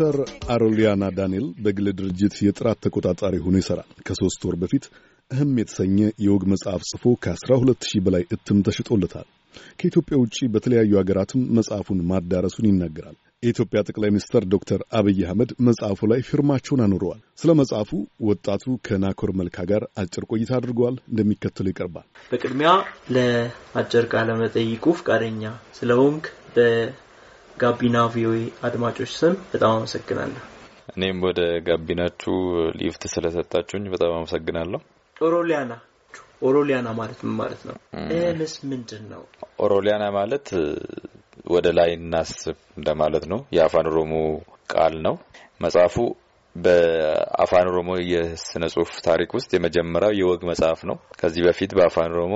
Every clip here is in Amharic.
ዶክተር አሮሊያና ዳንኤል በግል ድርጅት የጥራት ተቆጣጣሪ ሆኖ ይሠራል። ከሦስት ወር በፊት እህም የተሰኘ የወግ መጽሐፍ ጽፎ ከ12 ሺህ በላይ እትም ተሽጦለታል። ከኢትዮጵያ ውጭ በተለያዩ ሀገራትም መጽሐፉን ማዳረሱን ይናገራል። የኢትዮጵያ ጠቅላይ ሚኒስትር ዶክተር አብይ አህመድ መጽሐፉ ላይ ፊርማቸውን አኑረዋል። ስለ መጽሐፉ ወጣቱ ከናኮር መልካ ጋር አጭር ቆይታ አድርገዋል፣ እንደሚከተሉ ይቀርባል። በቅድሚያ ለአጭር ቃለመጠይቁ ስለ ስለሆንክ ጋቢና ቪኦኤ አድማጮች ስም በጣም አመሰግናለሁ። እኔም ወደ ጋቢናችሁ ሊፍት ስለሰጣችሁኝ በጣም አመሰግናለሁ። ኦሮሊያና ኦሮሊያና ማለት ምን ማለት ነው? ምስ ምንድን ነው ኦሮሊያና ማለት? ወደ ላይ እናስብ እንደማለት ነው። የአፋን ኦሮሞ ቃል ነው። መጽሐፉ በአፋን ኦሮሞ የስነ ጽሁፍ ታሪክ ውስጥ የመጀመሪያው የወግ መጽሐፍ ነው። ከዚህ በፊት በአፋን ኦሮሞ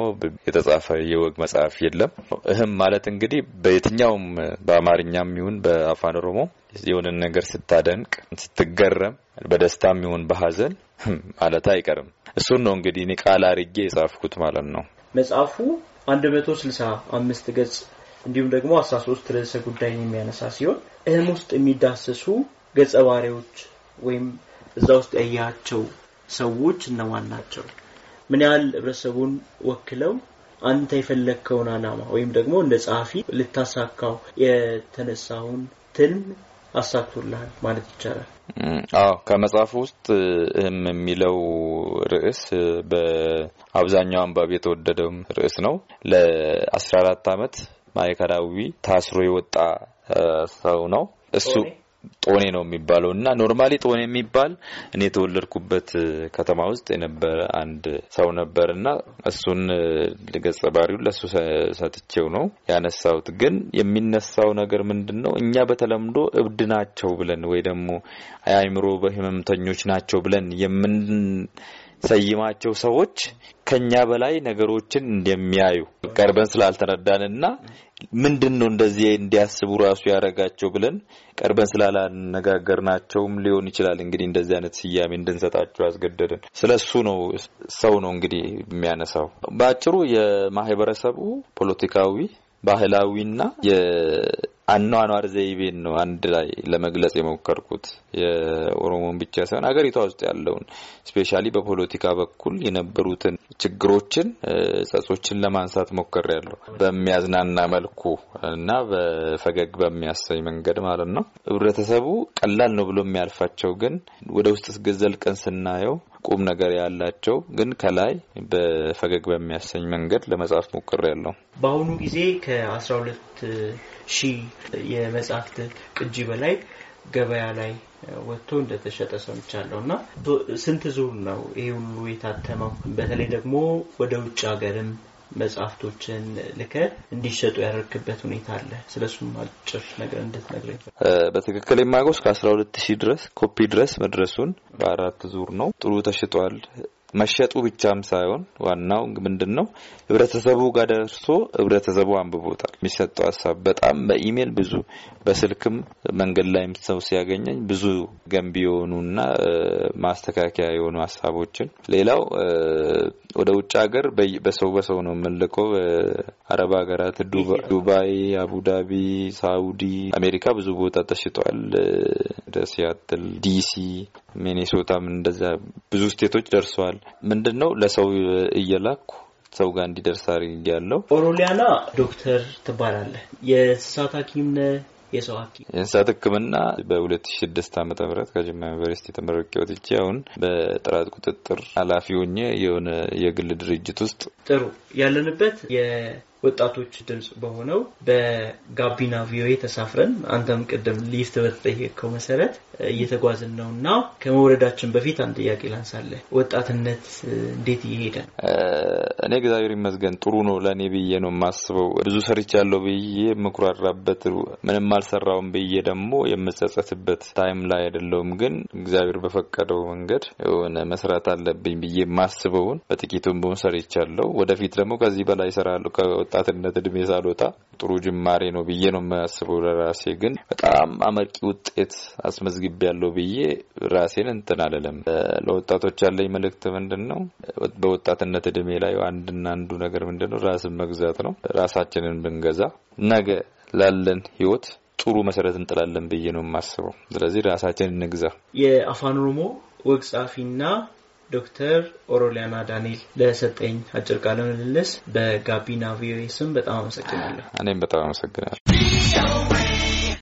የተጻፈ የወግ መጽሐፍ የለም። እህም ማለት እንግዲህ በየትኛውም በአማርኛም ይሁን በአፋን ኦሮሞ የሆነን ነገር ስታደንቅ፣ ስትገረም በደስታም ይሁን በሀዘን ማለት አይቀርም። እሱን ነው እንግዲህ እኔ ቃል አርጌ የጻፍኩት ማለት ነው። መጽሐፉ አንድ መቶ ስልሳ አምስት ገጽ እንዲሁም ደግሞ አስራ ሶስት ርዕሰ ጉዳይን የሚያነሳ ሲሆን እህም ውስጥ የሚዳሰሱ ገጸ ባህሪዎች ወይም እዛ ውስጥ ያያቸው ሰዎች እነማን ናቸው? ምን ያህል ህብረተሰቡን ወክለው አንተ የፈለግከውን አላማ ወይም ደግሞ እንደ ጸሐፊ ልታሳካው የተነሳውን ትልም አሳክቶልሃል ማለት ይቻላል። አዎ ከመጽሐፉ ውስጥ እህም የሚለው ርዕስ በአብዛኛው አንባቢ የተወደደው ርዕስ ነው። ለአስራ አራት አመት ማዕከላዊ ታስሮ የወጣ ሰው ነው እሱ ጦኔ ነው የሚባለው እና ኖርማሊ ጦኔ የሚባል እኔ የተወለድኩበት ከተማ ውስጥ የነበረ አንድ ሰው ነበር እና እሱን ልገጸ ባህሪውን ለእሱ ሰጥቼው ነው ያነሳሁት። ግን የሚነሳው ነገር ምንድን ነው? እኛ በተለምዶ እብድ ናቸው ብለን ወይ ደግሞ አእምሮ በህመምተኞች ናቸው ብለን የምን ሰይማቸው ሰዎች ከኛ በላይ ነገሮችን እንደሚያዩ ቀርበን ስላልተረዳንና ምንድን ነው እንደዚህ እንዲያስቡ ራሱ ያደረጋቸው ብለን ቀርበን ስላላነጋገርናቸውም ሊሆን ይችላል። እንግዲህ እንደዚህ አይነት ስያሜ እንድንሰጣቸው ያስገደድን ስለ እሱ ነው። ሰው ነው እንግዲህ የሚያነሳው በአጭሩ የማህበረሰቡ ፖለቲካዊ ባህላዊና አኗኗር ዘይቤን ነው አንድ ላይ ለመግለጽ የሞከርኩት የኦሮሞን ብቻ ሳይሆን አገሪቷ ውስጥ ያለውን ስፔሻሊ በፖለቲካ በኩል የነበሩትን ችግሮችን፣ ጸጾችን ለማንሳት ሞከር ያለው በሚያዝናና መልኩ እና በፈገግ በሚያሰኝ መንገድ ማለት ነው። ህብረተሰቡ ቀላል ነው ብሎ የሚያልፋቸው ግን ወደ ውስጥ ስገዘልቀን ስናየው ቁም ነገር ያላቸው ግን ከላይ በፈገግ በሚያሰኝ መንገድ ለመጻፍ ሞክር ያለው በአሁኑ ጊዜ ከአስራ ሁለት ሺህ የመጽሐፍት ቅጂ በላይ ገበያ ላይ ወጥቶ እንደተሸጠ ሰምቻለሁ። እና ስንት ዙር ነው ይሄ ሁሉ የታተመው? በተለይ ደግሞ ወደ ውጭ ሀገርም መጽሐፍቶችን ልከ እንዲሸጡ ያደርግበት ሁኔታ አለ። ስለሱም አጭር ነገር እንድትነግረኝ። በትክክል የማውቀው እስከ አስራ ሁለት ሺህ ድረስ ኮፒ ድረስ መድረሱን በአራት ዙር ነው ጥሩ ተሽጧል መሸጡ ብቻም ሳይሆን ዋናው ምንድን ነው ህብረተሰቡ ጋር ደርሶ ህብረተሰቡ አንብቦታል። የሚሰጠው ሀሳብ በጣም በኢሜል ብዙ በስልክም መንገድ ላይም ሰው ሲያገኘኝ ብዙ ገንቢ የሆኑና ማስተካከያ የሆኑ ሀሳቦችን ሌላው ወደ ውጭ ሀገር በሰው በሰው ነው የምንልከው። አረብ ሀገራት ዱባይ፣ አቡዳቢ፣ ሳውዲ፣ አሜሪካ ብዙ ቦታ ተሽጧል። ደሲያትል፣ ዲሲ ሚኔሶታም እንደዛ ብዙ ስቴቶች ደርሰዋል። ምንድን ነው ለሰው እየላኩ ሰው ጋር እንዲደርስ አድርግ ያለው ኦሮሊያና ዶክተር ትባላለህ። የእንስሳት ሐኪም ነህ? የሰው ሐኪም የእንስሳት ሕክምና በ2006 ዓ ም ከጅማ ዩኒቨርሲቲ ተመርቄ ወጥቼ አሁን በጥራት ቁጥጥር ኃላፊ ሆኜ የሆነ የግል ድርጅት ውስጥ ጥሩ ያለንበት ወጣቶች ድምጽ በሆነው በጋቢና ቪኦኤ ተሳፍረን አንተም ቅድም ሊፍት በተጠየቀው መሰረት እየተጓዝን ነው እና ከመውረዳችን በፊት አንድ ጥያቄ ላንሳለ። ወጣትነት እንዴት እየሄደ ነው? እኔ እግዚአብሔር ይመስገን ጥሩ ነው ለእኔ ብዬ ነው የማስበው። ብዙ ሰርች ያለው ብዬ የምኩራራበት፣ ምንም አልሰራውም ብዬ ደግሞ የምጸጸትበት ታይም ላይ አይደለውም። ግን እግዚአብሔር በፈቀደው መንገድ የሆነ መስራት አለብኝ ብዬ ማስበውን በጥቂቱም ቢሆን ሰርቻለሁ። ወደፊት ደግሞ ከዚህ በላይ ይሰራሉ ከወጣትነት እድሜ ሳልወጣ ጥሩ ጅማሬ ነው ብዬ ነው የማያስበው። ለራሴ ግን በጣም አመርቂ ውጤት አስመዝግቤ ያለው ብዬ ራሴን እንትን አለለም። ለወጣቶች ያለኝ መልእክት ምንድን ነው? በወጣትነት እድሜ ላይ አንድና አንዱ ነገር ምንድን ነው? ራስን መግዛት ነው። ራሳችንን ብንገዛ ነገ ላለን ህይወት ጥሩ መሰረት እንጥላለን ብዬ ነው የማስበው። ስለዚህ ራሳችንን እንግዛ። የአፋን ኦሮሞ ወግ ጸሐፊና ዶክተር ኦሮሊያና ዳንኤል ለሰጠኝ አጭር ቃለ ምልልስ በጋቢና ቪኦኤ ስም በጣም አመሰግናለሁ። እኔም በጣም አመሰግናለሁ።